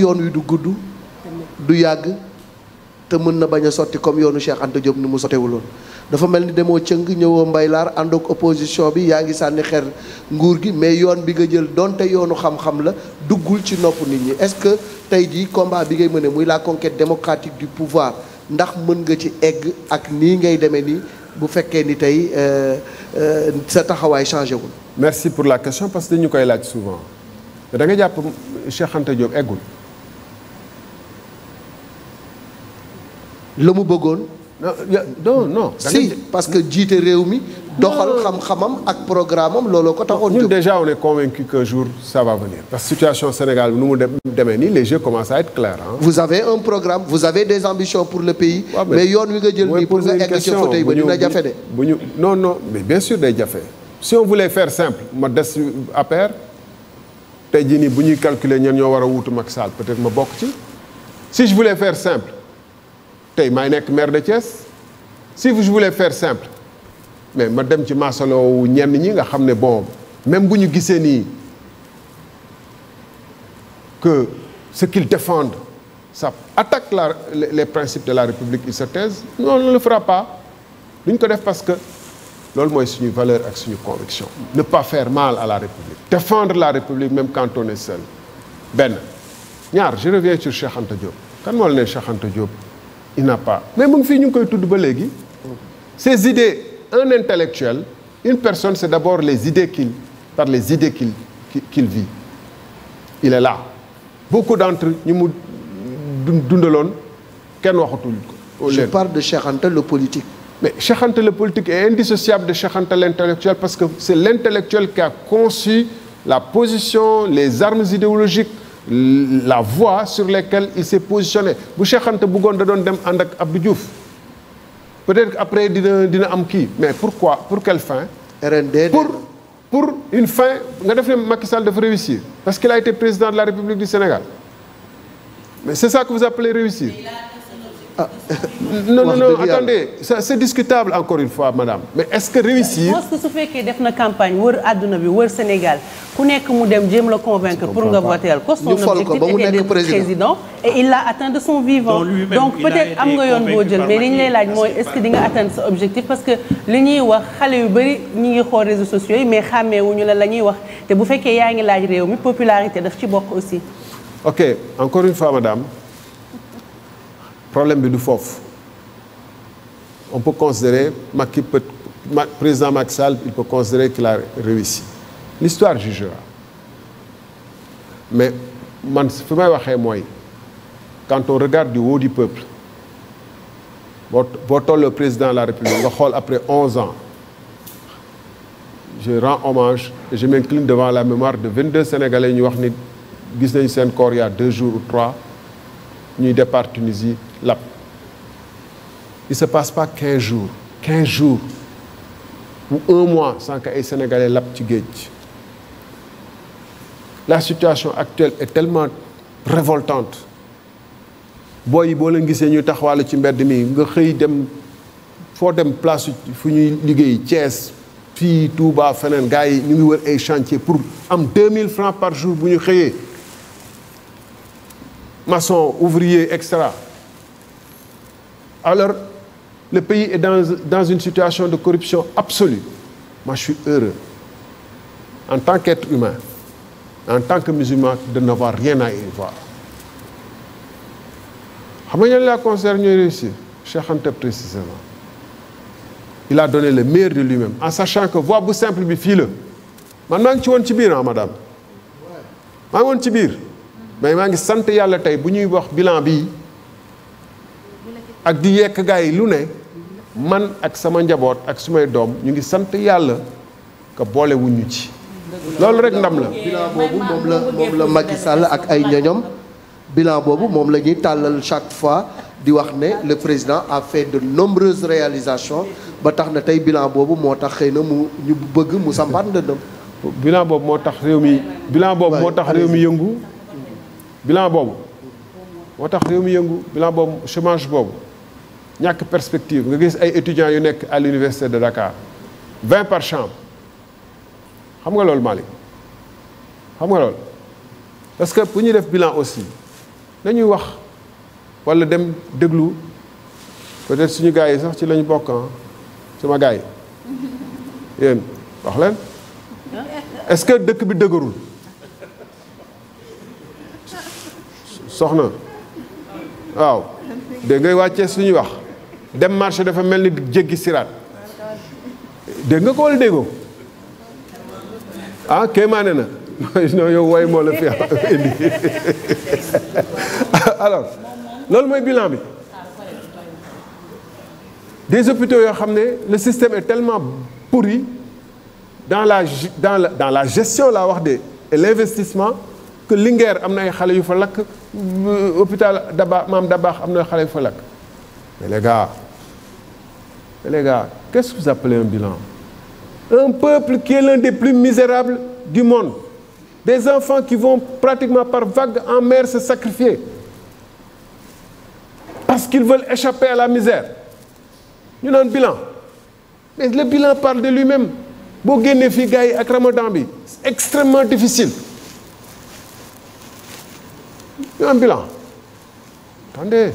yoon wi du gudd du yàgg te mën na bañ a sotti comme yoonu Cheikh Anta Diop ni mu sotewuloon dafa mel ni demoo cëng ñëwoo mbaylaar ànd ak opposition bi yaa ngi sànni xeer nguur gi mais yoon bi nga jël donte yoonu xam-xam la duggul ci nopp nit ñi est-ce que tey jii combat bi ngay mëne muy la conquête démocratique du pouvoir ndax mën nga ci egg ak nii ngay demee nii bu fekkee ni tey euh, euh, sa taxawaay changé wul. merci pour la question parce que dañu koy laaj souvent da jàpp Cheikh Anta la mu bëggoon. non non si parce que jiite réew mi. doxal xam-xamam ak programme am looloo ko taxoon. ñun déjà on est convaincu qu'un jour ça va venir. parce que situation Sénégal nu mu demee nii les jeux commencent à être clairs hein. vous avez un programme vous avez des ambitions pour le pays. mais yoon wi nga jël nii pour nga egg ci fauteuil ba dina jafe de. ñu non non mais bien sûr day jafe. si on voulait faire simple ma des APR te jii nii bu ñuy calculer ñenn ñoo war a wuutu Macky Sall peut-être ma bokk ci si je voulais faire simple. tey maay nekk maire de Thiès si je voulais fair simple mais ma dem ci maasaloowu ñenn ñi nga xam ne bon même bu ñu gisee nii que ce qu'ils défendent ça attaque la les principes de la République ils se taisent non on ne le ko def parce que loolu mooy suñu valeur ak suñu conviction ne pas faire mal à la République défendre la République même quand on est seul benn ñaar je reviens sur Cheikh Anta Diop kan moo la ne Cheikh Anta il n'a pas mais mu ngi fii ñu ngi koy tudd ba léegi ces idées un intellectuel une personne c'est d'abord les idées qu'il par les idées qu'il qu'il vit il est là beaucoup d'entre ñu mu dundaloon kenn waxatul ko je parle de Cheikh Anta le politique mais Cheikh Anta le politique est indissociable de Cheikh Anta parce que c'est l'intellectuel qui a conçu la position les armes idéologiques la voie sur laquelle il s'est positionné bu Cheikh buggoon da doon dem ànd ak Abdou Diouf peut-être après dina dina am kii mais pourquoi pour quelle fin. RND pour pour une fin nga def ne Macky Sall dafa réussir parce qu'il a été président de la République du Sénégal mais c'est ça que vous appelez réussir. ah non non non attendez c'est discutable encore une fois madame mais est-ce que réussir. parce que su fekkee def na campagne wër àdduna bi wër Sénégal ku nekk mu dem jéem la convaincre pour nga voter ko son objectif était d'être président et il l'a atteint de son vivant donc peut-être am nga yoon boo jël mais li ñu lay laaj mooy est-ce que di nga atteindre sa objectif parce que li ñuy wax xale yu bari ñi ngi xool réseaux sociaux yi mais xàmmeewuñu la la ñuy wax te bu fekkee yaa ngi laaj réew mi popularité daf ci bokk aussi ok encore une fois madame problème bi du foofu on peut considérer Macky peut président Macky Sall il peut considérer qu'il a réussi l'histoire jugera mais man fi may waxee mooy quand on regarde du haut du peuple boo boo président de la République nga xool après onze ans je rends hommage et je m'incline devant la mémoire de vingt 22 Sénégalais ñu wax ni gis nañu seen corps il deux jours ou trois ñuy départ Tunisie lab il se passe pas quinze jours quinze jours ou un mois sans que ay sénégalais lab ci géej la situation actuelle est tellement révoltante booy yi boo leen gisee ñu taxawal ci mbedd mi nga xëy dem foo dem place fu ñuy liggéey Thiès fii Touba feneen gars yi ñu ngi wër ay chantier pour am mille francs par jour bu ñu xëyee maçon ouvrier extra Alors, le pays est dans, dans une situation de corruption absolue. Moi, je suis heureux, en tant qu'être humain, en tant que musulman, de n'avoir rien à y voir. Hamayal a concerné réussir, Cheikh Ante précisément. Il a donné le meilleur de lui-même, en sachant que voix bout simple, bifile. Maintenant, tu es bien, madame. maa ngi woon ci biir mais maa ngi sant yàlla tey bu ñuy wax bilan bii ak di yekk gars yi lu ne man ak sama njaboot ak sumay doom ñu ngi sant yàlla que boole wuñu ci. loolu rek ndam la. bilan boobu moom la moom la ak ay ñoñom bilan boobu moom la ñuy tàllal chaque fois di wax ne le président a fait de nombreuses réalisations ba tax na tey bilan boobu moo tax xëy na mu ñu bëgg mu sampaat ndëndam. bilan boobu moo tax réew mi. bilan boobu moo tax réew yëngu. bilan boobu moo tax réew mi yëngu bilan boobu chômage boobu. ñàkk perspective nga gis ay étudiants yu nekk à l'université de Dakar vingt par chambre xam nga loolu Malick xam nga loolu parce que fu ñuy def bilan aussi nañuy wax walla dem déglu peut-être suñu gars yi sax ci lañu bokk ah sama gars yi yéen wax leen est-ce que dëkk bi dëgërul soxna waaw dégg ngay wàccee suñuy wax dem marché dafa mel ni jéggi siraat dégg nga ko wala déggoo ah kéemaane na non yow way moo la fi indi alors loolu mooy bilan bi des hôpitaux yoo xam ne le système est tellement pourri dans la dans la dans la gestion laa wax de et l'investissement que Linguère am na ay xale yu fa lakk euh, hôpital Daba maam Dabaax am na xale yu fa lakk les gars, qu'est-ce que vous appelez un bilan Un peuple qui est l'un des plus misérables du monde. Des enfants qui vont pratiquement par vagues en mer se sacrifier. Parce qu'ils veulent échapper à la misère. Nous avons un bilan. Mais le bilan parle de lui-même. C'est extrêmement difficile. Nous avons un bilan. Attendez.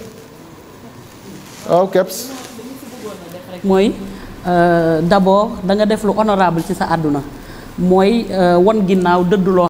Oh, ah, caps. mooy euh, d'abord da nga def lu honorable ci sa àdduna mooy euh, wan ginnaaw dëdd loo